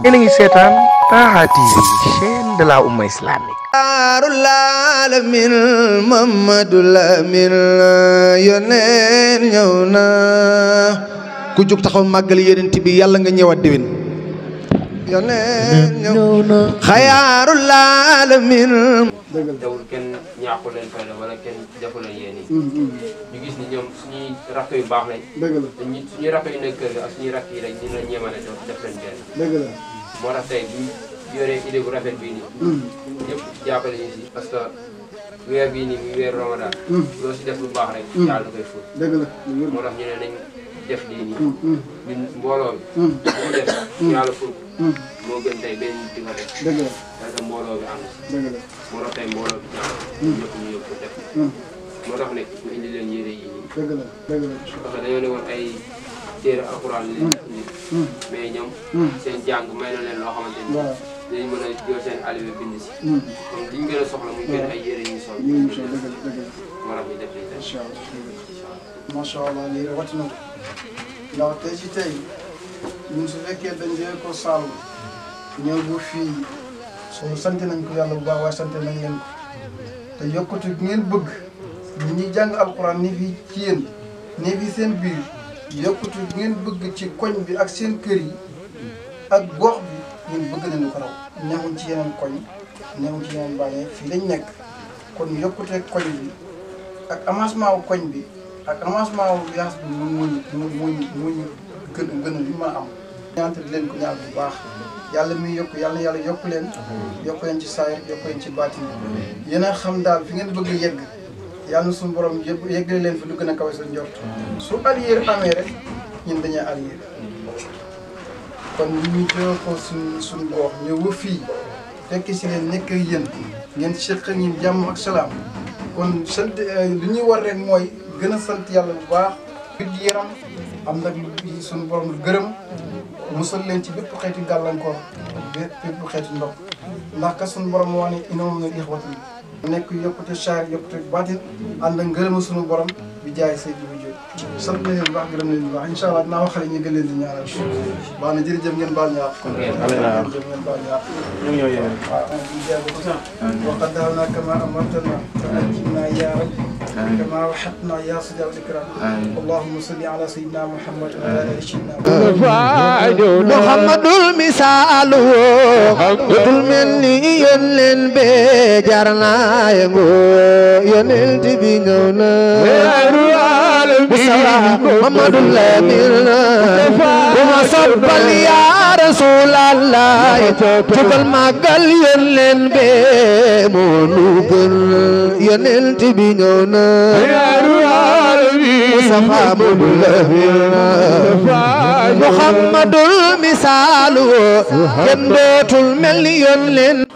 ini ngi seetaan Taha TV chaîne de la umma islamique darul alamin mamadul amin yonen yona na ku jug taxaw màggal yonent iya bi yàlla nga ñewat diwin yonen yona khayarul xayaarul alamin dawul kenn ñaaxu leen fay wala ken defu yeni ñu gis ni ñom hmm, hmm. ay rakk yu baax lañ. dëgg la te ñun suñuy rakk yu nekk kër ga ak suñuy rakk yi rek ñun la ñeemale def def leen benn. dëgg la moo tax tey bu rafet bii nii. Mm. jàppale ñu si parce que weer bii nii muy weer Ramadan. Mm. loo si def lu baax rek. Mm. yàlla da koy fóot. dëgg la moo ñu ne nañ def lii nii. ñun mbooloo bi. bu def yàlla fóot. moo gën tey benn nit di ko def. dëgg la parce que mbooloo bi am na. dëgg moo tax tey mbooloo bi ñaar. ñëpp ñu yóbbu ko def. moo tax nag ñu indi leen yére yi. dëgg la dëgg la. parce que dañoo ne woon ay téere alxuraan lañ indi. Mm. Mm. mais ñoom. Mm. seen jàng may na leen loo xamante ni. waaw a si. donc li ñu gën a soxla muy gën ay yére yu ñu sol. tey. na ci tey ñun su fekkee dañ jël ko Saalum ñëw bu fii soo sant nañ ko yàlla bu baax waaye nañ te yokkute bi ngeen ñi ñuy jàng alxuraan ni fii ci yéen ni seen biir yokkute bu ngeen bëgg ci koñ bi ak seen kër yi ak gox bi ñun bëgg nañu ko raw newuñ ci lañ nekk kon yokkute koñ bi ak avancement wu koñ bi ak avancement wu yaas bi mu muñ am ñaante leen ku ñaan bu baax yàlla muy yokk yàlla yàlla yokk leen yokk leen ci saayir yokk leen ci baatin yéen a xam daal fi ngeen bëgg yegg yalla sun borom yëpp yëgle leen fi lu gëna a sun seen su allier amé rek ñun dañu allier kon ñu jël ko sun sun goox ñu wu fi tek ci len nek yeen ngeen seq ñi jamm ak salam kon sant li eh, ñu war rek moy gëna sant yalla bu baax bit yaram am nak lu suñu borom lu gërëm musal len ci bëpp xéti galan ko bëpp xéti ndox ndax ka sun borom moo ne ngeen moom nekk yokkute saar yokkute baatin ànd ak ngërëma sunu borom bi jaay say jiwu jóg sant na leen bu baax gërëm na leen bu baax incha allah dinaa wax xale ñu gën leen di ñaanal baax na jërëjëf ngeen baal ñaar jërëjëf ngeen baal ñaar waaw di jeego ah. waxat daaw naa kama amartana te ajib yaa rabbi كما يا سيدي اللهم صل على سيدنا محمد وعلى آل سيدنا محمد المثال ودل من يلن بجرنا يغو يلن محمد وما يا رسول الله ما قال مصطفى مبلغنا محمد المثال جنات المليون لن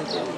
Thank you.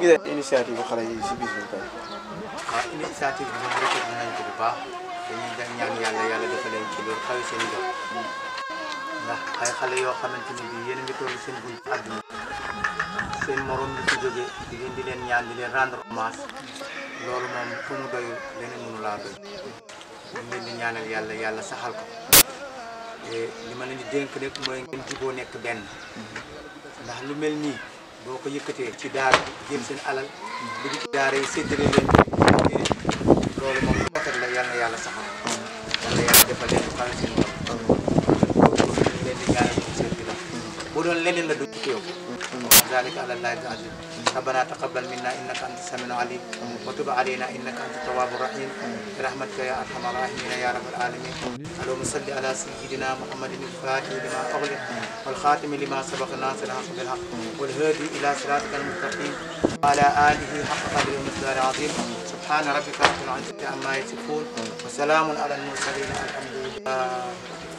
gisee initiative bu xale yi si bis bi tey. waaw ah, initiative bi moom rafetlu nañ ko bu baax dañuy dañ ñaan yàlla yàlla dafa leen ci xawe seen i ndax ay xale yoo xamante ni bii yéen a ngi toll seen buñ àdduna seen morom li ci jógee di leen di leen ñaan di leen rendre hommage loolu moom fu mu doyul leneen mënu laa doy ñu leen di ñaanal yàlla yàlla saxal ko li ma leen di dénk rek mooy ngeen juboo nekk benn ndax lu mel nii. boo ko yëkkatee ci daara jël seen alal bu ci daara yi séddale loolu moom rafet la yàlla yàlla saxal yàlla yàlla defal leen xamal seen bopp doon leneen la du ci ذلك على الله العزيز ربنا تقبل منا انك انت السميع العليم وتب علينا انك انت التواب الرحيم برحمتك يا ارحم الراحمين يا رب العالمين اللهم صل على سيدنا محمد الفاتح لما اغلق والخاتم لما سبق الناصر حق بالحق والهادي الى صراطك المستقيم وعلى اله حق قدره ومثله العظيم سبحان ربك رب العزه عما يصفون وسلام على المرسلين الحمد لله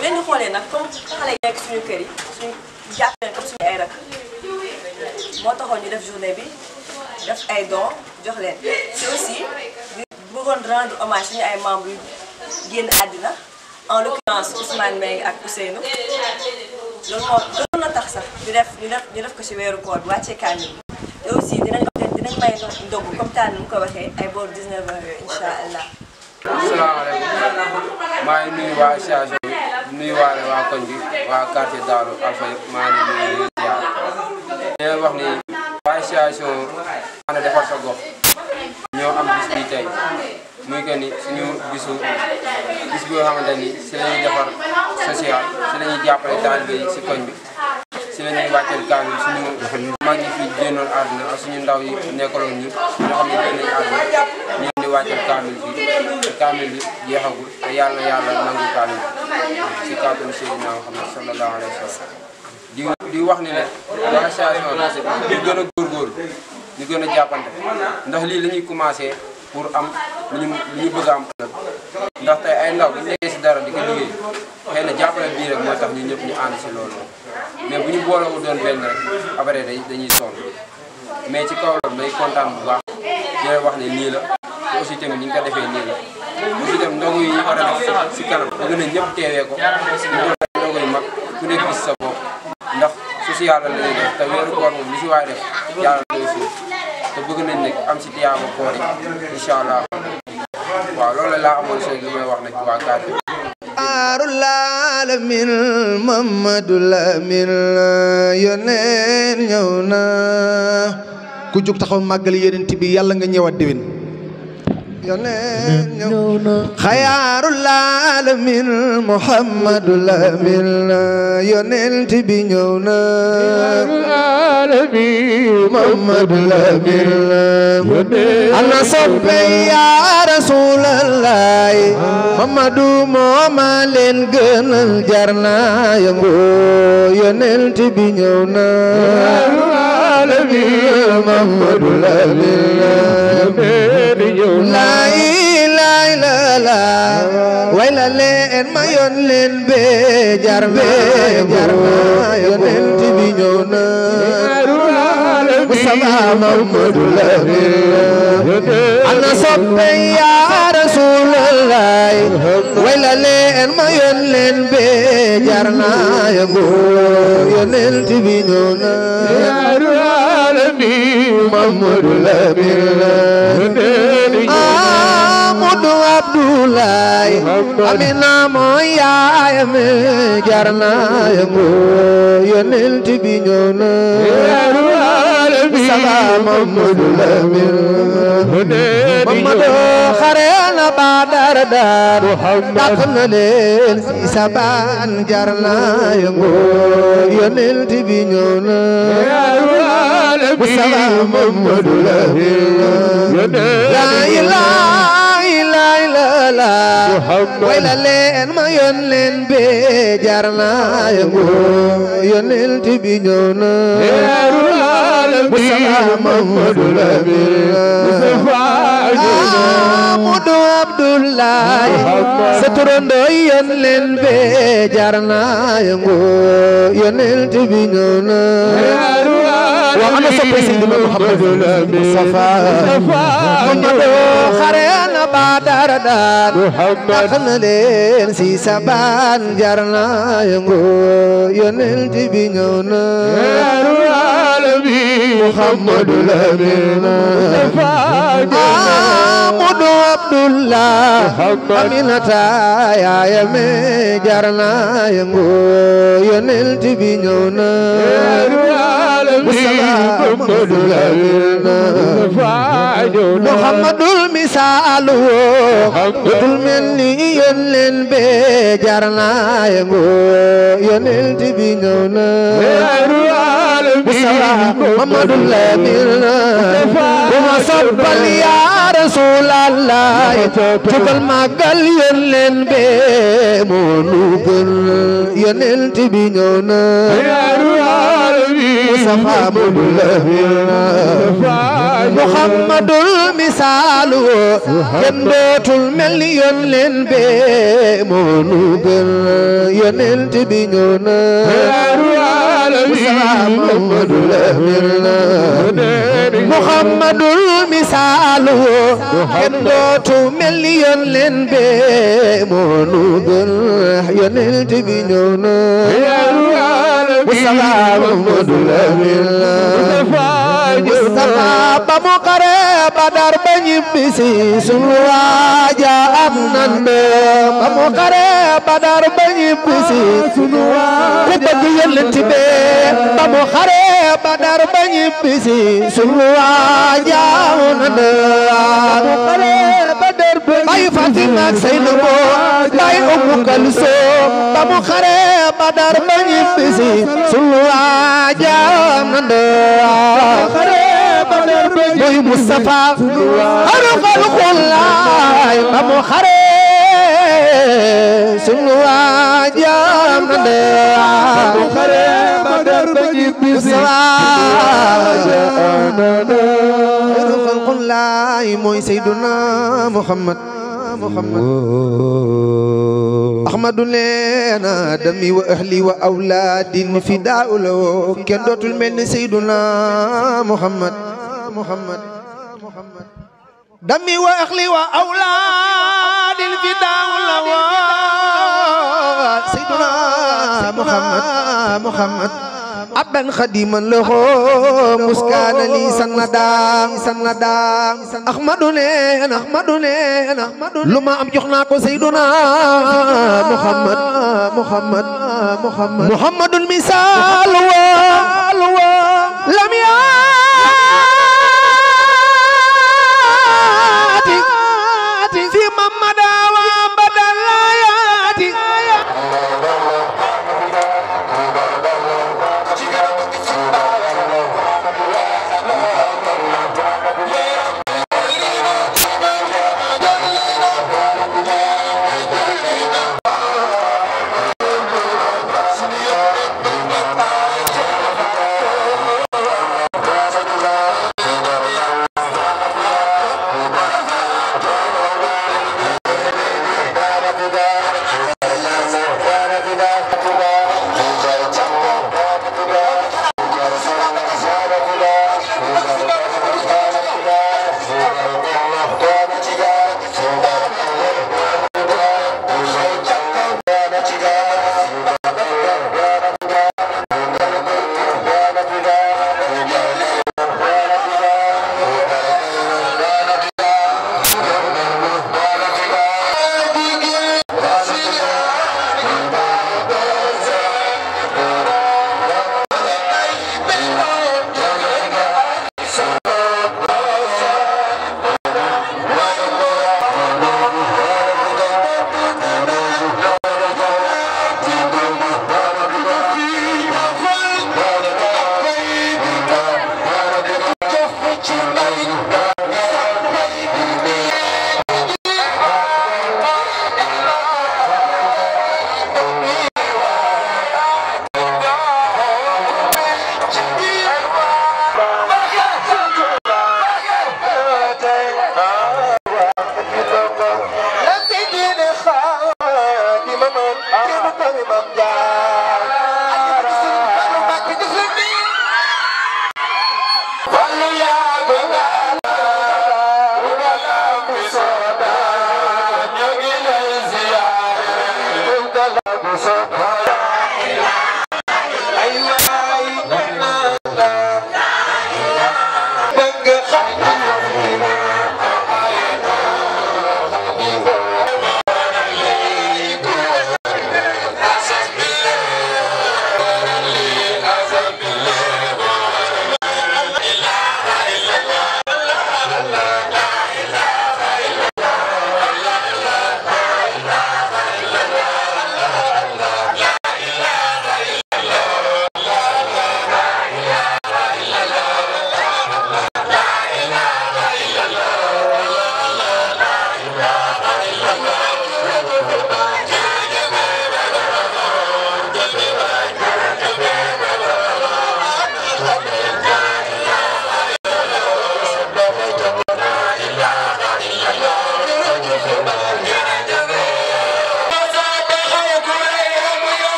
bi ngeen di xoolee nag comme xale yi nekk suñu kër yi suñu jàpp leen comme suñu ay rak moo taxoon ñu def journée bi def ay dons jox leen te aussi ñu bëggoon rendre hommage suñu ay membres yu génn àddina en l'occurrence Ousmane Mbaye ak Ousseynou loolu moo gënoon na tax sax ñu def ñu def ñu def ko ci weeru koor bi wàccee kaamil bi te aussi dinañ dinañ may ndog comme taan ni mu ko waxee ay booru 19 heures yooyu incha allah. asalaamaaleykum maa ngi nuyu waa association bi. nuyu waale waa koñ bi waa quartier Daalu Alpha yëpp maa ngi nuyu jaar leen wax ni waa association defar sa gox ñoo am bis bi tey muy que ni suñu bisu gis boo xamante ni si la ñuy defar social si la ñuy jàppale taalibe yi si koñ bi si la ñuy wàcceel kaamil suñu ndaw yi nekkaloon ñu ñoo xam ne génn ngi wàcceel kaamil bi te kaamil bi jeexagul te yàlla yàlla nangu kaamil bi si kàttanu Seydina Muhammad sallallahu alayhi wa di wax ni ne association bi ñu gën a góorgóorlu ñu gën a jàppante ndax lii la commencé pour am lu ñu lu ñu bëgg ndax tey ay ndaw bu ñu nekkee si dara di ko liggéey xëy na jàppale bii moo tax ñu ñëpp ñu ànd si loolu mais bu ñu boolewul doon benn rek après dañuy sonn mais ci kaw loolu kontaan bu baax di wax ne nii la aussi tamit ni nga ko defee nii la aussi tamit ndogu yi ñu war a def si kanam bëgg nañ ñëpp teewee ko ñu doon ndogu yu mag ku nekk gis sa bopp ndax social la lay def te weeru koor moom li si waay def yàlla lay suuf te bëgg nañ nag am si tiyaaba koor yi incha allah waaw loolu laa amoon seen li may wax nag waa kàddu Daarul Alamin Mamadou Lamine yoneen ñëw na ku jug taxaw màggal yonent bi yàlla nga ñëwaat déwén yoneen ñëw na xayaarul alamin muhammadu lamin yonent bi ñëw na muhammadu lamin ana soppe yaa rasulallahi muhammadu moo ma leen gënal jar na yëngu yonent bi ñëw na العالمين محمد الأمين لا إله إلا الله ولا لين ما ينلين بجر بجر ما ينلين تبي مصطفى محمد الأمين أنا صبي يا رسول الله ولا لين ما ينلين بجرنا يقول ينلين تبينونا يا العالمين محمد الأمين Amadou Abdoulaye Amina mooy yaayam jar na yëngu yonent bi ñëw na Mustafa Mamadou Lamine Mamadou xare na ba dar dar dàq na leen na leen ma yoon leen be jar na yëngu yonent bi ñëw na محمد الأمير محمد عبد الله سترون ين لين بجارنا ينغو ين التبينونا وأنا سبسيد محمد المصطفى محمد خرين بادر دار نحن لين سي سبان جارنا ينغو ين التبينونا محمد الأمين محمد عبد الله أمينة يا يمي جرنا ينغو ينلت بنيونا محمد الأمين محمد الأمين saalu ku dul mel ni yónneen be jar naa yëngu yónneen ti bi ñëw na Mustafa Mamadou Lamine kuma soppal yaar laay jógal màggal yónneen be moo nu gën yónnent bi ñëw na Mustafa mu lëhina Muhammadul misaalu kenn dootul mel ni yónneen be moo nu gën yónnent bi ñëw na Mustafa mu lëhina Muhammadul misaalu kenn dootu mel ni yoon leen bee moo nu gën yonent bi ñëw na Mustafa Muhammadu Lamin Mustafa ba mu xare Badar ñibbisi sunu waaja ab nan be ba xare ba ñibbisi ba mu xare badar ba ñibbisi sunu waaja aw nan be bay Fatima ak Seynabo bay Umu ba mu ba ñibbisi sunu waaja aw nan mooy Moustapha xaru xalqullaay ba mu xare sunu waajam na de ba mu xare ba dar ba ñibbisi xaru xalqullaay mooy Seyduna Muhammad ahmadu leena dami wa ahli wa awlaadin fi daawlo kenn dootul mel Muhammad Muhammad Dami wa akhli wa auladil fidaul wa Sayyiduna Muhammad Muhammad Abdan khadiman lahu muskan li sanadang sanadang Ahmadune Ahmadune Ahmadune Luma am joxna ko Sayyiduna Muhammad Muhammad Muhammad Muhammadun misal wa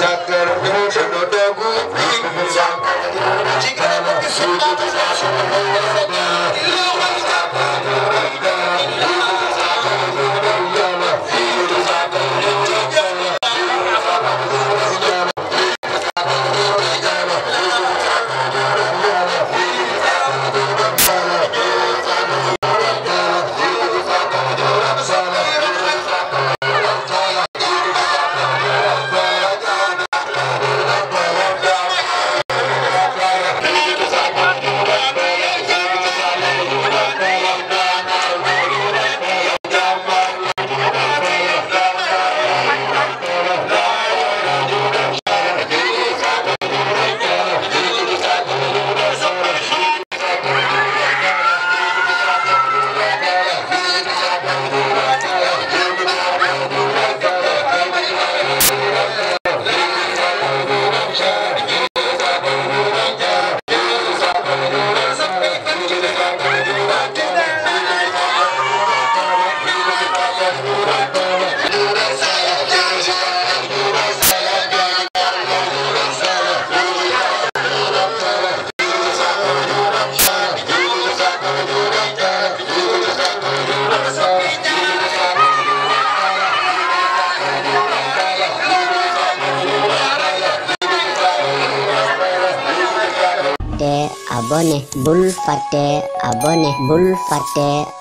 Shakar, Shakar, Shakar, Shakar, Shakar, abone bul fàtte abone bul fàtte